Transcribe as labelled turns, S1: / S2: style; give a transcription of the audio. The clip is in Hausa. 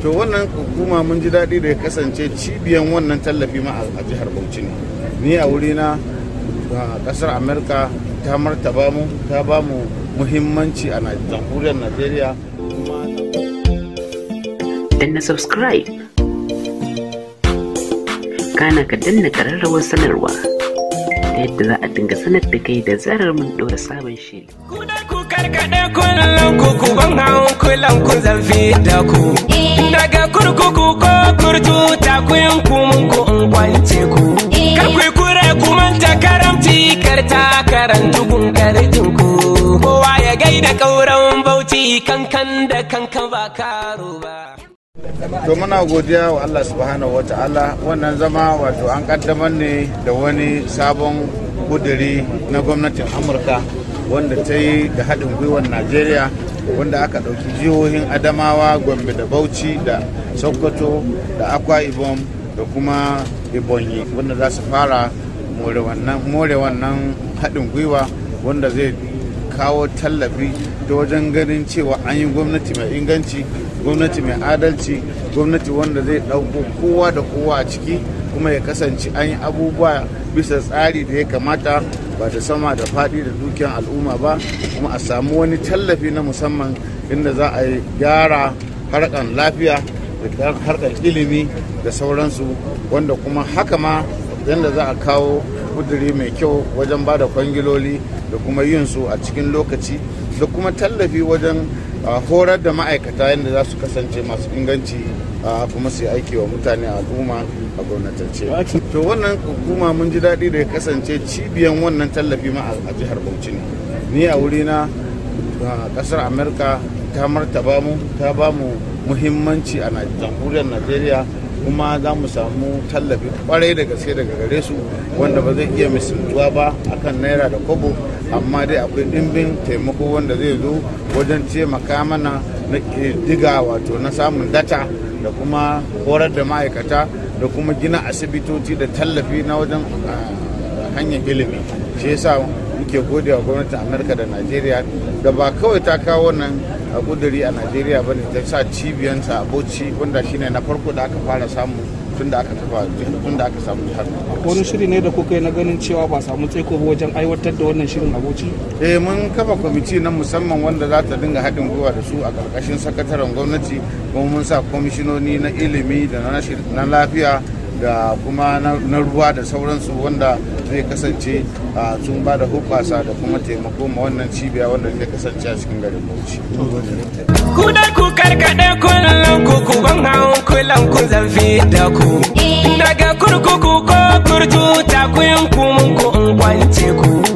S1: to wannan hukuma mun ji daɗi da ya kasance cibiyan wannan tallafi ma a jihar bauchi ne ni a wurina ƙasar amerika ta martaba mu ta ba mu muhimmanci a jamhuriyar nigeria danna subscribe kana ka danna ƙararrawar sanarwa ta yadda za a dinga sanar da kai da zarar mun ɗora sabon shiri. Kudai ku karkaɗe kullum ku ku ban hawan kullum ku zafi da ku. Daga eh. kurkuku ko kurtu ta ku yin ku mun ku in kwance ku. Eh. Kar ku kure ku manta karamci kar ta karantu karjin ku. Kowa ya gaida ƙauran bauchi kankan da kankan ba karo ba. to muna godiya wa Allah subhanahu wa ta'ala wannan zama wato an kaddamar ne da wani sabon kudiri na gwamnatin amurka wanda ta yi da haɗin gwiwar najeriya wanda aka ɗauki jihohin adamawa gombe da bauchi da sokoto da akwa ibom da kuma ibonyi wanda za su fara more wannan haɗin gwiwa wanda zai kawo tallafi ta wajen ganin cewa an yi gwamnati mai inganci gwamnati mai adalci gwamnati wanda zai ɗauko kowa da kowa a ciki kuma ya kasance an yi abubuwa bisa tsari da ya kamata ba ta sama da faɗi da dukiyar al'umma ba kuma a samu wani tallafi na musamman inda za a yi gyara harkar lafiya da harkar ilimi da sauransu wanda kuma haka ma yadda za a kawo kuduri mai kyau wajen ba da kwangiloli da kuma yin su a cikin lokaci da kuma tallafi wajen horar da ma'aikata yadda za su kasance masu inganci kuma su yi aiki wa mutane a al'umma a gwamnatance to wannan hukuma mun ji daɗi da ya kasance cibiyan wannan tallafi ma a jihar bauchi ne ni a wuri na ƙasar amurka ta martaba mu ta ba mu muhimmanci a jamhuriyar najeriya kuma za mu samu tallafi kwarai da gaske daga gare su wanda ba zai iya misaltuwa ba akan naira da kobo amma dai akwai dimbin taimako wanda zai zo wajen taimaka mana na diga wato na samun data da kuma horar da ma'aikata da kuma gina asibitoci da tallafi na wajen hanyar ilimi shi yasa muke gode wa gwamnatin amurka da najeriya da ba kawai ta kawo nan a kuduri a najeriya bane ta sa cibiyansa a bauchi wanda shine na farko da aka fara samu tun da aka tafa tun da aka samu har wani shiri ne da kuka yi na ganin cewa ba samu tsaiko ba wajen aiwatar da wannan shirin a bauchi eh mun kafa kwamiti na musamman wanda za ta dinga haɗin gwiwa da su a ƙarƙashin sakataren gwamnati kuma mun sa kwamishinoni na ilimi da na lafiya da kuma na ruwa da sauransu wanda zai kasance sun ba da hubbasa da kuma taimako ma wannan cibiya wanda zai kasance a cikin garin bauchi ku dai ku karkaɗe kullum ku ku ban hankulan ku zafi da ku eh. daga kurkuku ko kurju ta ku yin ku mun ku in kwance ku